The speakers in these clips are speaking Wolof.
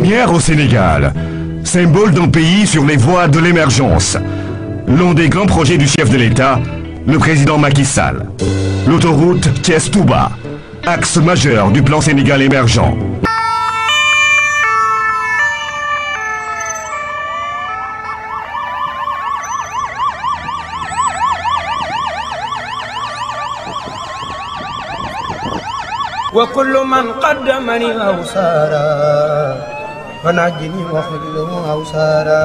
première au Sénégal, symbole d'un pays sur les voies de l'émergence. L'un des grands projets du chef de l'État, le président Macky Sall. L'autoroute Thiès-Touba, axe majeur du plan Sénégal émergent. ونجني واخذله أوسارا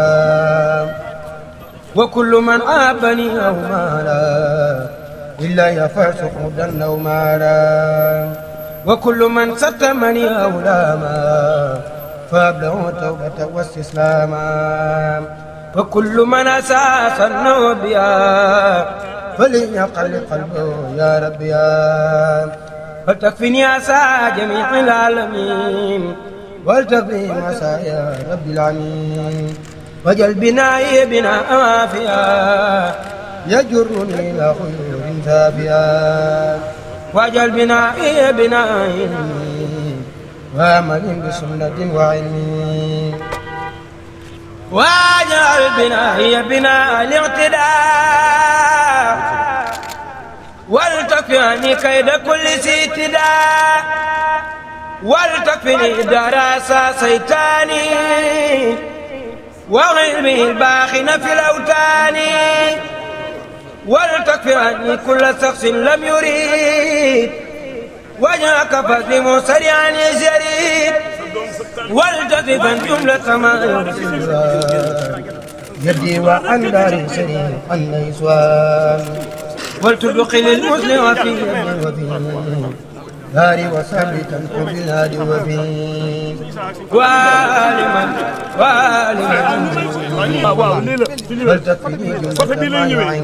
وكل من عابني أو مالا إلا يفرس حدا أو مالا وكل من ستمني أو لاما فأبلغ توبة واستسلاما وكل من أساس النوبيا فليقل قلبه يا ربي فلتكفني أسى جميع العالمين والتقي مسايا رب العالمين وجل بناي بناء وافيا يجرني إلى خير ثابيا وجل بنائي بناء وامل بسنة وعلم واجعل بنائي بناء الاعتداء والتقي عني كيد كل سيتداء ولتكفني دراسة سيتاني وعلمي الباخن في الأوتان ولتكفي عني كل شخص لم يريد وجهك فاسلم سريعا جريد والجذبا جملة ما يدي وعن دار سليم عن نيسوان ولتدخل المسلم في يدي وفي هاري وثابتا وفي الهادي وفي والما والما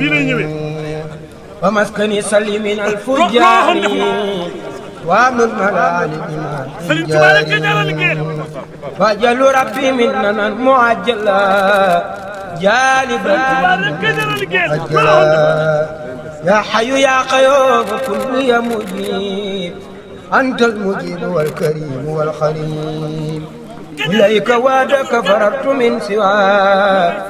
ومسكني سليم الفجار وامن الملال الإيمان فجل ربي مننا المعجلة جالبا يا حي يا قيوم كل يا مجيب أنت المجيب والكريم والخليل إليك وعدك فررت من سواك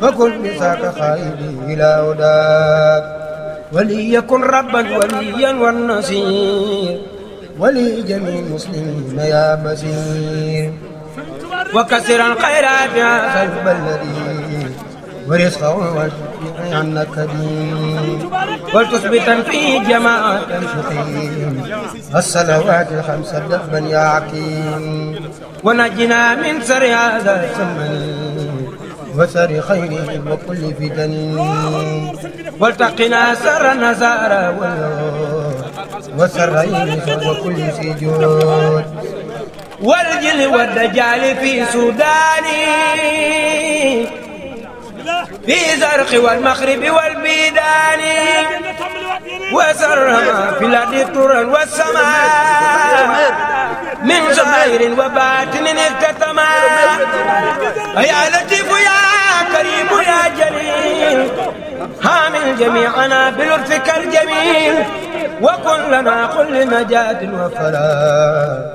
فكن بساك خائدي إلى هداك وليكن ربا وليا والنصير ولجميع المسلمين يا بصير وكسر الخيرات يا قلب الذي ورزقه نعم لك دين ولتثبتا في جماعة شقيم الصلوات الخمس دفبا يا عكيم ونجنا من سر هذا السمن وسر خيره وكل فتن والتقنا سر النزارى وسر وكل سجود والجل والدجال في سوداني في زرق والمغرب والبيدان وزرما في الأرض الطرى والسماء من ظاهر وباطن اكتتما يا لطيف يا كريم يا جليل هامل جميعنا بلطفك الجميل وكن لنا كل نجاة وفلاح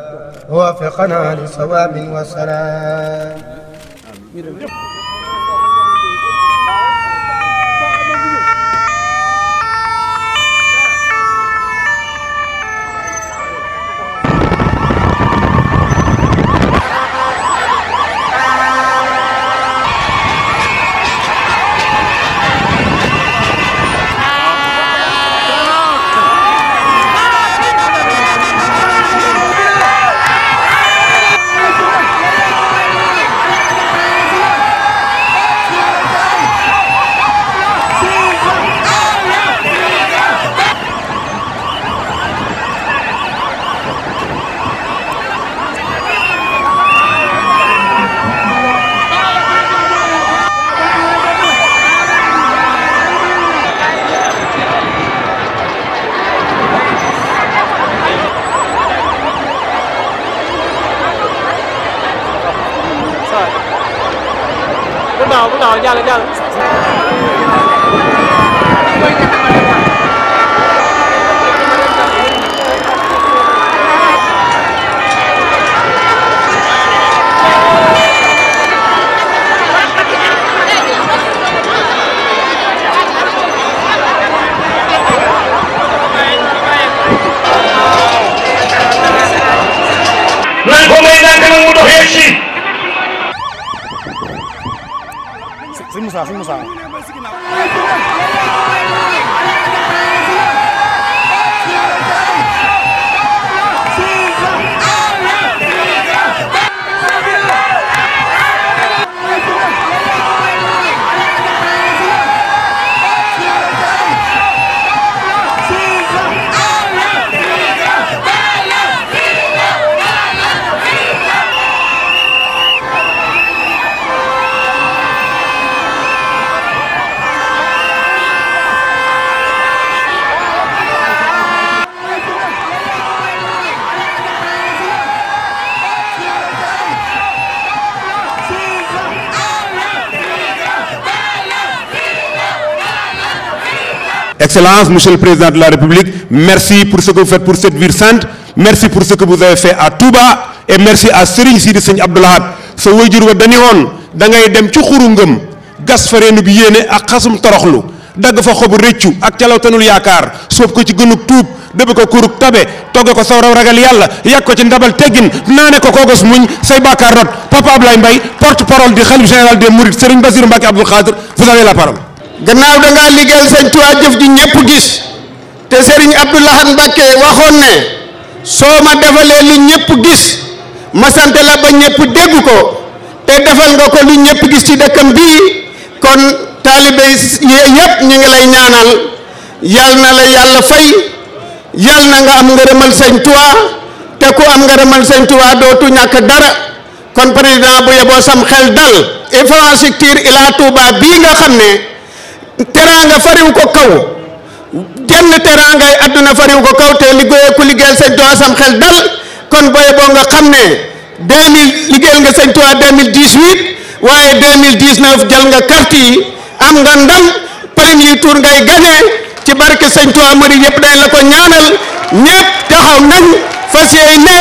وافقنا لصواب وسلام jàll jàll Nós vamos ainda ter um mundo reche. Moussa sëñ Moussa Excellences, Monsieur le Président de la République, merci pour ce que vous faites pour cette ville sainte, merci pour ce que vous avez fait à Touba et merci à Serigne Sidi Serigne Abdou Lahad sa wayjur wa dañu woon da ngay dem ci xuru ngëm gas fa reenu bi yéene ak xasum toroxlu dagg fa xobu rëccu ak calawtanul yaakaar soob ko ci gënug tuub dëbb ko kuruk tabe togge ko saw raw ragal yàlla yàgg ko ci ndabal teggin naa ne ko koogos muñ say bàkkaar rot Papa Ablaye Mbaye porte parole du khalife général gannaaw da ngaa liggéeyal sëñ Tuubaa jëf ji ñëpp gis te Serigne Abdou Lahad waxoon ne soo ma defalee lu ñëpp gis ma la ba ñëpp dégg ko te defal nga ko lu ñëpp gis ci dëkkam bii kon taalibe yi ñu ngi lay ñaanal yal na la yàlla fay yal na nga am ngërëmal sëñ Tuubaa te ku am ngërëmal sëñ Tuubaa dootu ñàkk dara kon président bu yeboo sam xel dal infrastructure Ila Touba bii nga xam ne teraanga fariwu ko kaw jenn teraangay àdduna fariwu ko kaw te liggéeyee ku liggéeyal sëñ Tuubaa sam xel dal kon boye boo nga xam ne 2000 liggéeyal nga sëñ Tuubaa 2018 waaye 2019 jël nga carte yi am nga ndam premier tour ngay gagné ci barke sëñ Tuubaa murid yëpp dañ la ko ñaanal ñëpp taxaw nañ fas yéene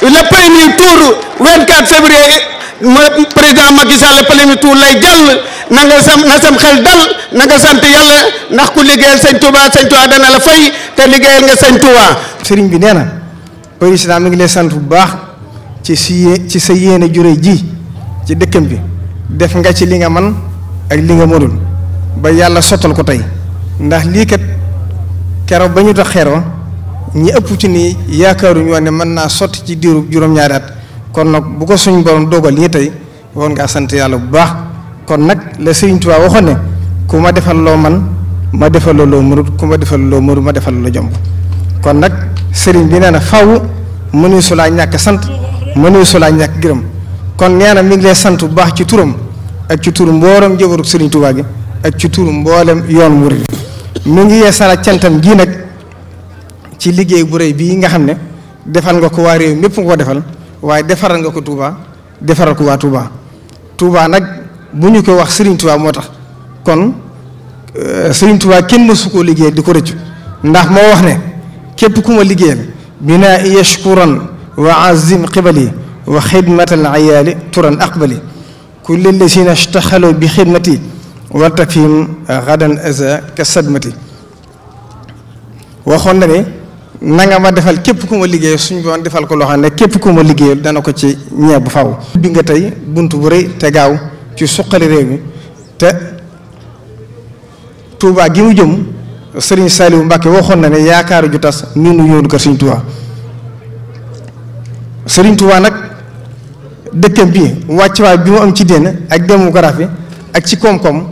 le premier tour 24 février ma président Macky Sall palemi tuur lay jàll na nga sam na sam xel dal na sant yàlla ndax ku liggéeyal sëñ Touba sëñ Touba dana la fay te liggéeyal nga sëñ Touba. sëriñ bi nee na président mi ngi lay sant bu baax ci si ci sa yéene jure ji ci dëkkam bi def nga ci li nga man ak li nga mënul ba yàlla sottal ko tey ndax lii kat keroog ba ñu tax xeeroo ñi ëpp ci nii yaakaaruñu woon ne mën naa sott ci diiru juróom-ñaari kon nag bu ko suñ borom dogal yi tey war ngaa sant yàlla bu baax kon nag la Sëriñ Tuubaa waxoon ne ku ma defal loo man ma defal loo mënut ku ma defal loo mënut ma defal la jomb kon nag sëriñ bi nee na faaw mënuy su laa ñàkk sant mënuy su ñàkk gërëm kon nee na mi ngi lay sant bu baax ci turam ak ci turu mboolem jëbaru Sëriñ Tuubaa gi ak ci turu mboolem yoon murid mi ngi yeesala cantam gii nag ci liggéey bu rëy bii nga xam ne defal nga ko waa réew mépp nga ko defal waaye defaral nga ko Touba defaral ko waa Touba Touba nag bu ñu ko wax Serigne Touba moo tax kon euh, Serigne Touba kenn mësu koo liggéey di ko rëccu ndax moo wax ne képp ku ma liggéeyal binaa yashkuran wa azim qibali wa xidmatal ayaali turan aqbali kulli lazina shtaxalo bi xidmati wartafim gadan aza ka sadmati waxoon na ne na ma defal képp ku ma liggéey suñ boon defal ko loo xam ne képp ku ma liggéeyal dana ko ci ñeeb faw bi nga tey bunt bu rëy te gaaw ci suqali réew mi te Touba gi mu jëm Serigne Saliou Mbacke waxoon na ne yaakaaru ju tas nii nu yoonu kër Serigne Touba Serigne Touba nag dëkkam bi wàccuwaay bi mu am ci dénn ak démographie ak ci koom-koom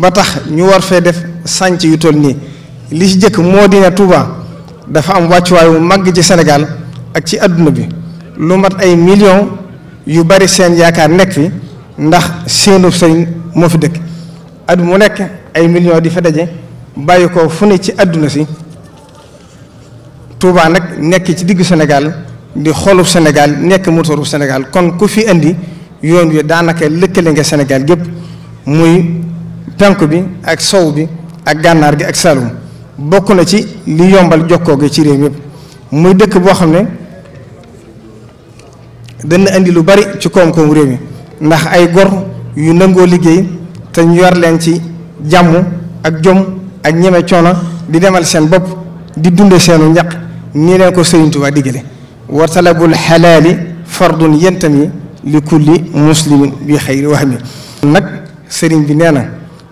ba tax ñu war fee def sànc yu toll nii li ci jëkk moo dina Touba dafa am wàccuwaay wu màgg ci Sénégal ak ci àdduna bi lu mat ay millions yu bari seen yaakaar nekk fi ndax seenu sëriñ moo fi dëkk at mu nekk ay millions di fa daje bàyyi ko fu ne ci àdduna si Touba nag nekk ci diggu Sénégal di xoolu Sénégal nekk motoru Sénégal kon ku fi indi yoon wi daanaka lëkkale nga Sénégal gépp muy penku bi ak sow bi ak gànnaar gi ak Saloum bokk na ci li yombal jokkoo gi ci réew mi muy dëkk boo xam ne dana indi lu bari ci koom-koomu réew mi ndax ay gor yu nangoo liggéey te ñu yar leen ci jàmm ak jom ak ñeme coono di demal seen bopp di dunde seenu ñaq nii leen ko Sëriñ Tuubaa diggale wa talabul xalaali fardun yentami li kulli muslimin bi xayri wax mi nag sëriñ bi nee na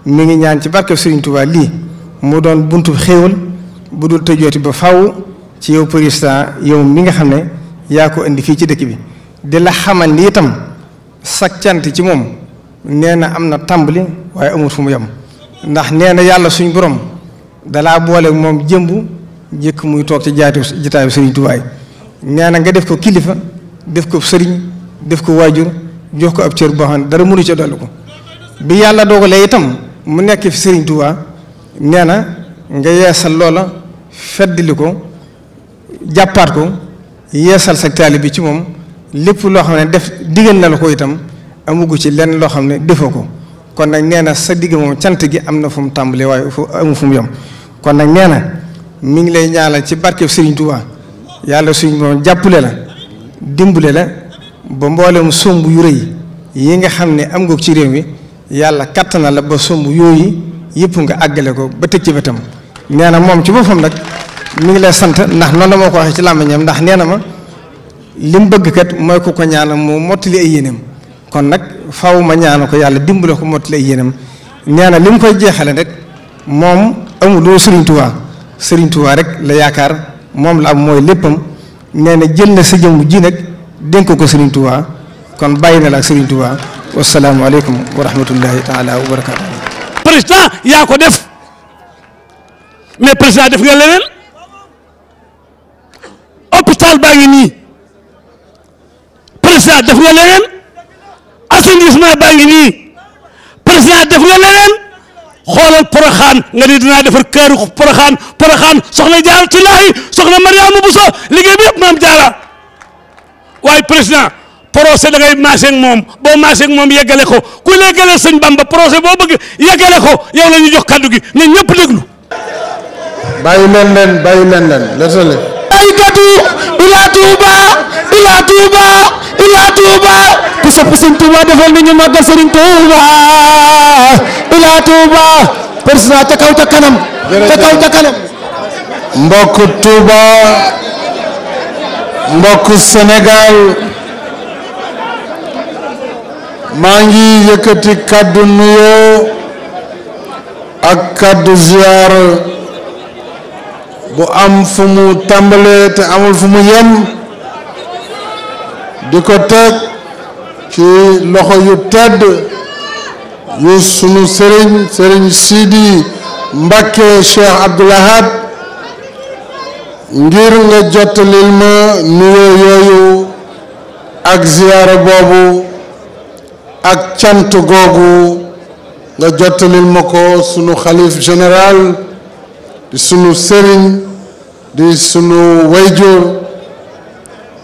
mu ngi ñaan ci barke Sëriñ Tuubaa lii mu doon buntu xéewal bu dul tëjooti ba faw ci yow président yow mi nga xam ne yaa ko indi fii ci dëkk bi di la xamal ni itam sag cant ci moom nee na am na tàmbali waaye amul fu mu yem ndax nee na yàlla suñ borom dalaa boole moom jëmb jëkk muy toog ci jaati jitaayu sëriñ Tuubaa nee na nga def ko kilifa def ko sëriñ def ko waajur jox ko ab cër boo xam ne dara mënu ca dolli ko bi yàlla doogalee itam mu nekk fi sëriñ Tuubaa nee na nga yeesal loola feddli ko jàppaat ko yeesal sa taali bi ci moom lépp loo xam ne def digal na la ko itam amugu ci lenn loo xam ne defoo ko kon nag nee na sa digg moom cant gi am na fu mu tàmbalee waaye fu amu fu mu yom kon nag nee na mi ngi lay ñaanal ci barkeb Serigne Touba yàlla suñ moom jàppale la dimbale la ba mboolem somb yu rëy yi nga xam ne am nga ci réew mi yàlla kattanal la ba somb yooyu. yëpp nga àggale ko ba teg ci bëtam nee moom ci boppam nag mi ngi lay sant ndax noonu la moo ko waxee ci làmbañam ndax nee na ma li mu bëgg kat mooy ku ko ñaana mu mottali ay yéenam kon nag faw ma ñaana ko yàlla dimbale ko mottali ay yéenam nee lim koy jeexale rek moom amuloo Serigne Touba Serigne rek la yaakaar moom la am mooy léppam nee na jël na si jëmm jii nag dénk ko Serigne Touba kon bàyyi na la ak Serigne Touba wasalaamualeykum wa rahmatullahi taala wa barakaatu. président yaa ko def mais président def nga leneen hôpital baa ngi nii président def nga leneen assainissement baa ngi nii président def nga leneen xoolal poroxaan nga ni dinaa defar këru poroxaan poroxaan soxna jaara ci laahi soxna mariama buso liggéey bi yëpp maam jaara waaye président procès da ngay maase ak moom boo maase moom yeggale ko ku yeggale sëñ Bamba procès boo bëgg yeggale Touba ilaa Touba ilaa Touba Touba defal ni ñu màggal Touba ilaa Touba président ca kaw ca kanam. ca Touba mbokk Sénégal. maa ngi yëkkati kàddu nuyoo ak kàddu ziyaar bu am fu mu tàmbalee te amul fu mu yem di ko teg ci loxo yu tedd yu sunu sëriñ sëriñ Sidi Mbakke Cheikh Abdoul Ahad ngir nga jottalil ma nuyoo yooyu ak ziyaara boobu ak cant googu nga jottalil ma ko sunu xalif général di sunu sëriñ di sunu wayjur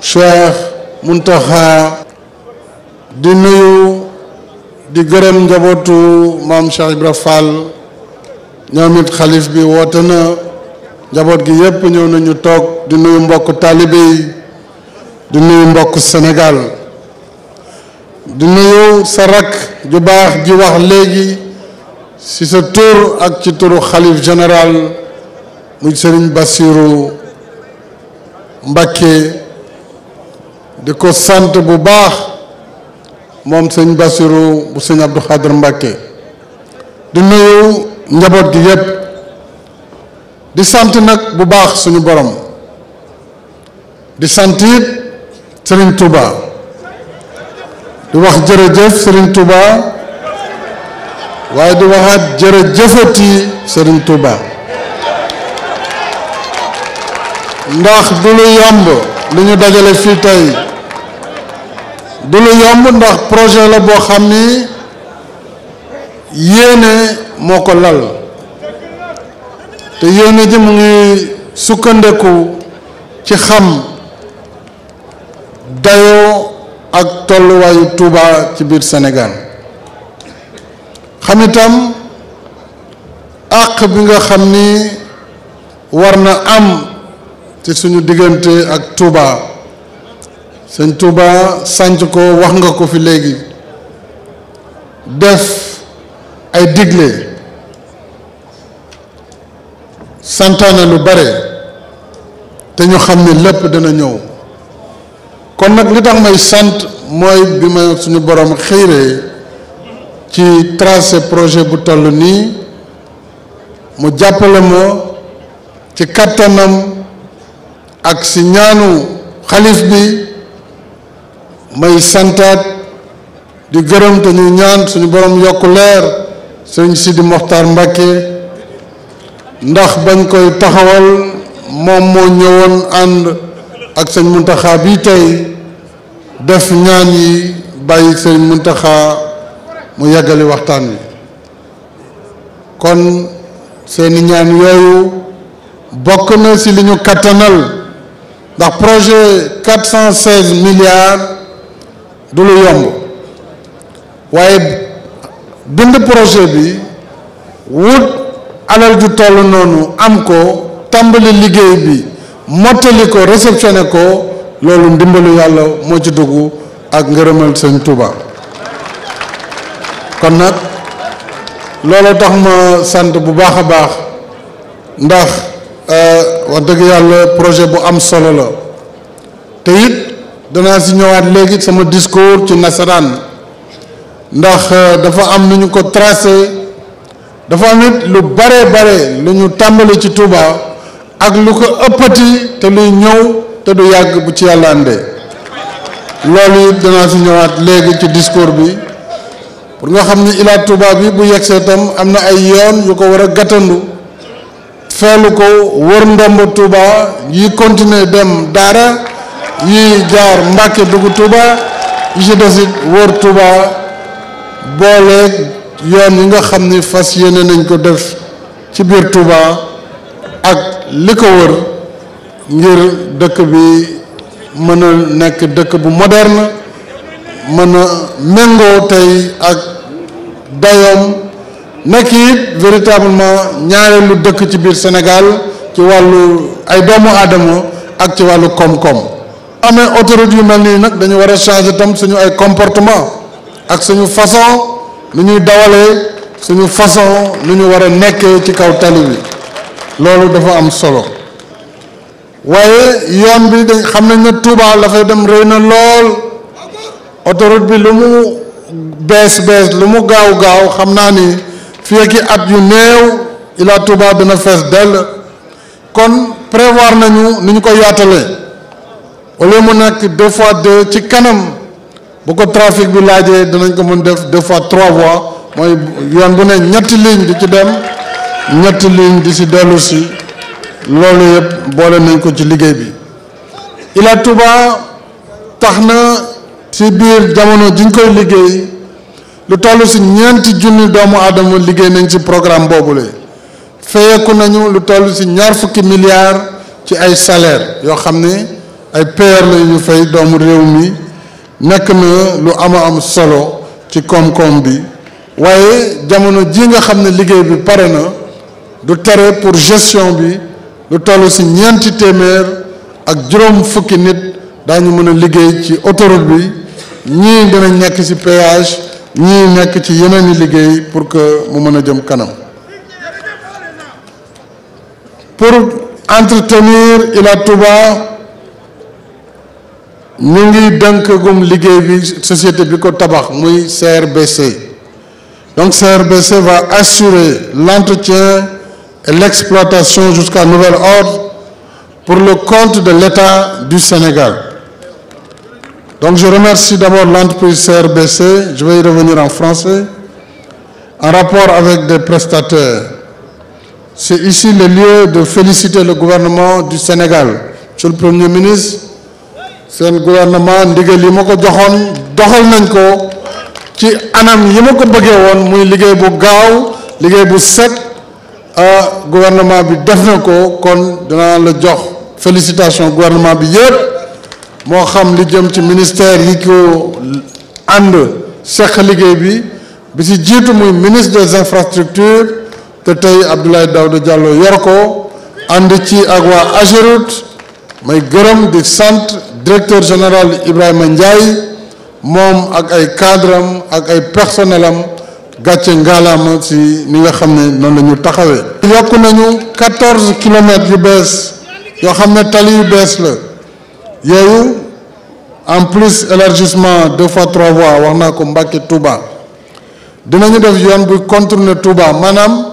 Cheikh Muntaxa di nuyu di gërëm njabootu maam Cheikh Ibra Fall ñoom xalif bi woote na njaboot gi yépp ñëw nañu toog di nuyu mbokk taalibe yi di nuyu mbokk Sénégal di nuyu sa rakk ju baax ji wax léegi ci sa tur ak ci turu xalif général muy sëriñ Bassirou Mbacké di ko sant bu baax moom sëñ Bassirou bu sëñ Abdou Khadr Mbacké di nuyu njaboot gi yépp di sant nag bu baax suñu borom di sant it sëriñ Touba di wax jërëjëf sëriñ Touba waaye di waxaat jërëjëfati sëriñ Touba ndax du lu yomb li ñu dajale fii tey du lu yomb ndax projet la boo xam ni yéene moo ko lal te yéene ji mu ngi sukkandeku ci xam dayoo ak tolluwaayu Touba ci biir Sénégal xam àq bi nga xam ni war na am ci suñu diggante ak Touba sëñ Touba sànc ko wax nga ko fi léegi def ay digle santaane lu bare te ñu xam ni lépp dana ñëw kon nag li tax may sant mooy bi ma suñu borom xiiree ci tracé projet bu toll nii mu jàppale ma ci kàttanam ak ci ñaanu xalif bi may santaat di gërëm te ñu ñaan suñu borom yokk leer sëñ Sidi Moxtaar Mbàkke ndax bañ koy taxawal moom moo ñëwoon ànd ak sëñ Muntaxa bi tey def ñaan yi bàyyi sëñ Muntaxa mu yàggali waxtaan wi kon seeni ñaan yooyu bokk na ci li ñu kattanal ndax projet quatre cent seize milliards du lu yomb waaye bind projet bi wut alal ju toll noonu am ko tàmbali liggéey bi mottali ko réceptionné ko loolu ndimbalu yàlla moo ci dugg ak ngërëmal sëñ Touba kon nag loolu tax ma sant bu baax a baax ndax euh, wax dëgg yàlla projet bu am solo la te it danaa si ñëwaat léegi sama discours ci nasaraan ndax euh, dafa am nu ñu ko tracé dafa am it lu bare bare lu ñu tàmbali ci Touba. ak lu ko ëppati te luy ñëw te du yàgg bu ci yàlla àndee loolu it danaa si ñëwaat léegi ci discours bi pour nga xam ni Ila Touba yi bu yegsee tam am na ay yoon yu ko war a gàttandu feelu ko wër ndomb Touba yi continuer dem daara yi jaar Mbàkke dugg Touba yi ci desit wër Touba booleeg yoon yi nga xam ni fas yéene nañ ko def ci biir Touba ak li ko wër ngir dëkk bi mën a nekk dëkk bu moderne mën a méngoo tey ak dayoom nekk it véritablement ñaareelu dëkk ci biir Sénégal ci wàllu ay doomu aadama ak ci wàllu koom-koom amee autoroute yu mel nii nag dañu war a changer tam suñu ay comportement ak suñu façon nu ñuy dawalee suñu façon nu ñu war a nekkee ci kaw tali bi loolu dafa am solo waaye yoon bi dañ xam nañ na Touba la dem rëy na lool autoroute bi lu mu bees bees lu mu gaaw gaaw xam naa ni fii ak at yu néew Ila Touba dana fees dell kon prévoir nañu ni ñu ko yaatalee wala mu nekk deux fois de ci kanam bu ko trafic bi laajee dinañ ko mën def deux fois trois voies mooy yoon bu ne ñetti ligne di ci dem. ñett ligne di ci dellu si loolu yëpp boole nañ ko ci liggéey bi Ila Touba tax na ci biir jamono ji ñu koy liggéey lu toll si ñeenti junni doomu aadama liggéey nañ ci programme boobule feyeeku nañu lu toll si ñaar fukki milliards ci ay salaire yoo xam ne ay payer lañu ñu fay doomu réew mi nekk na lu ama am solo ci koom-koom bi waaye jamono ji nga xam ne liggéey bi pare na du tere pour gestion bi lu toll ci ñeenti téeméer ak juróom fukki nit daañu mën a liggéey ci autoroute bi ñii dinañ nekk ci péage ñii nekk ci yeneen i liggéey pour que mu mën a jëm kanam pour entretenir Ila Touba ñu ngi dënkagum liggéey bi société bi ko tabax muy CRBC donc CRBC va assurer l'entretien et l'exploitation jusqu'à nouvel ordre pour le compte de l'État du Sénégal. Donc je remercie d'abord l'entreprise CRBC, je vais y revenir en français, en rapport avec des prestataires. C'est ici le lieu de féliciter le gouvernement du Sénégal. Monsieur le Premier ministre, seen gouvernement ndigal yi ma ko joxoon doxal nañ ko ci anam yi ma ko bëggee woon muy liggéey bu gaaw liggéey bu set ah gouvernement bi def na ko kon dinaa la jox félicitation gouvernement bi yëpp moo xam li jëm ci ministère yi ko ànd seq liggéey bi bi ci jiitu muy ministre des infrastructures te tey Abdoulaye Daouda Diallo yor ko ànd ci ak waa Ageroute may gërëm di sant directeur général Ibrahima Ndiaye moom ak ay cadre ak ay personnel gàcce ngaalaama si ni nga xam ne noonu la ñu taxawee. yokk nañu quatorze kilomètres yu bees yoo xam ne tali yu bees la yooyu en plus élargissement de fois trois voies wax naa ko Mbàkke Touba dinañu def yoon bi contourner Touba maanaam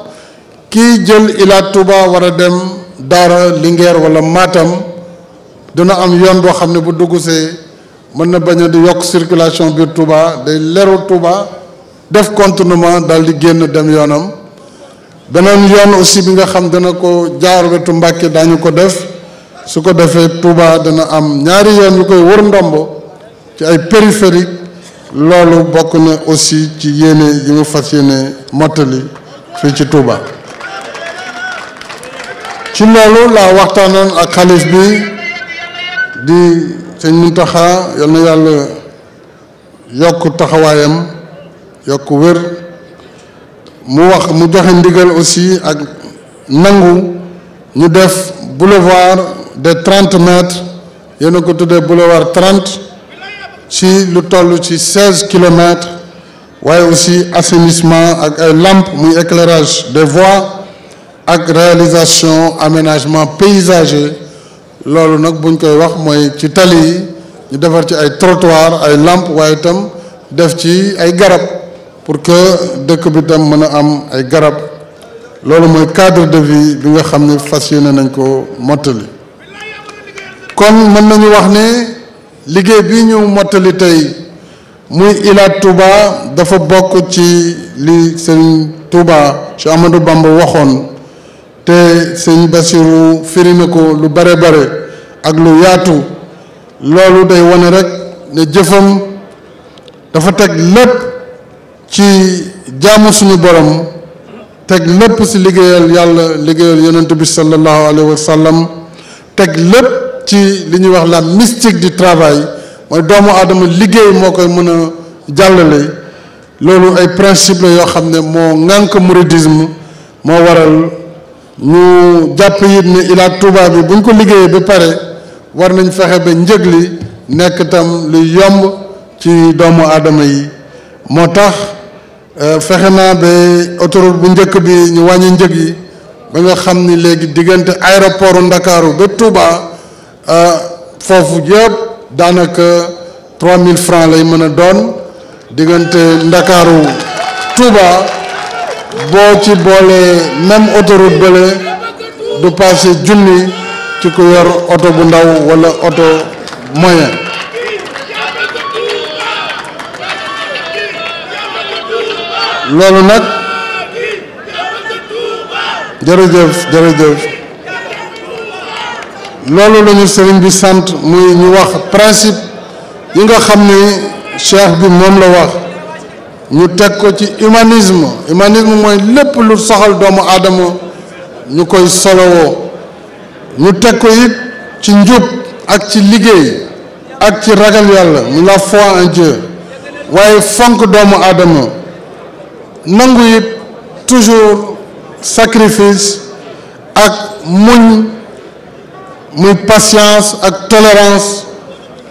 kii jël Ila Touba war a dem Daara Linguère wala Matam dina am yoon boo xam ne bu dugg see mën na bañ di yokk circulation biir Touba day leeru Touba. def contournement daal di génn dem yoonam beneen yoon aussi bi nga xam dana ko jaar wetu Mbàkke daañu ko def su ko defee Touba dana am ñaari yoon yu koy wër ndombo ci ay périphérique loolu bokk na aussi ci yéene yi mu fas yéene mottali fii ci Touba ci loolu laa waxtaanoon ak xalif bi di sëñ taxa yal na yàlla yokk taxawaayam yokk wér mu wax mu joxe ndigal aussi ak nangu ñu def boulevard de trente mètres yéen a ko tuddee boulevard trente ci lu toll ci seize kilomètres waaye aussi assainissement ak ay lampes muy éclairage des voies ak réalisation aménagement paysager loolu nag buñ koy wax mooy ci tali yi ñu defar ci ay trottoir ay lampes waaye itam def ci ay garab pour que dëkk bi tam mën a am ay garab loolu mooy cadre de vie bi nga xam ne fas yi ne nañ ko mottali kon mën nañu wax ne liggéey bi ñu mottali tey muy Ila Touba dafa bokk ci li sëñ Touba ci Amadou Bamba waxoon te sëñ Bassirou firi ko lu bare bare ak lu yaatu loolu day wone rek ne jëfam dafa teg lépp ci jàmm suñu borom teg lépp ci liggéeyal yàlla liggéeyal yonent bi sallallahu alayhi wa sallam teg lépp ci li ñuy wax la mystique di travail mooy doomu aadama liggéey moo koy mën a jàllale loolu ay principe la yoo xam ne moo ŋànk mouridisme moo waral ñu jàpp it ne Ila Touba bi buñ ko liggéeyee ba pare war nañ fexe ba njëg li nekk tam lu yomb ci doomu aadama yi moo tax Euh, fexe naa ba autoroute bu njëkk bi ñu wàññi njëg yi ba nga xam ni léegi diggante aéroport Ndakaaru ba Touba euh, foofu yëpp daanaka 3000 francs lay mën a doon diggante Ndakaaru Touba boo ci boolee même autoroute bële du passé junni ci ku yor oto bu ndaw wala oto moyen loolu nag jërëjëf jërëjëf loolu lañu sëriñ bi sant muy ñu wax principe yi nga xam ni cheikh bi moom la wax ñu teg ko ci humanisme humanisme mooy lépp lu soxal doomu aadama ñu koy solowoo ñu teg ko it ci njub ak ci liggéey ak ci ragal yàlla mu la foi en waaye fonk doomu aadama nangu yi toujours sacrifice ak muñ muy patience ak tolérance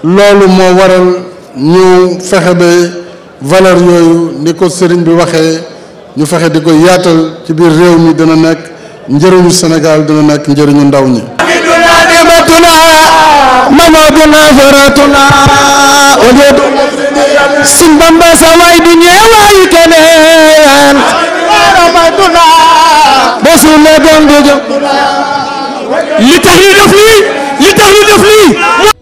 loolu moo waral ñu fexe ba valeur yooyu ni ko sëriñ bi waxee ñu fexe di ko yaatal ci biir réew mi dana nekk njëriñu Sénégal dana nekk njëriñu ndaw ñi. mamaduna faratuna ojeedu sin bamba sa way du ñeewaayu keneen basule gondu jom li tax ñu def lii li tax ñu def lii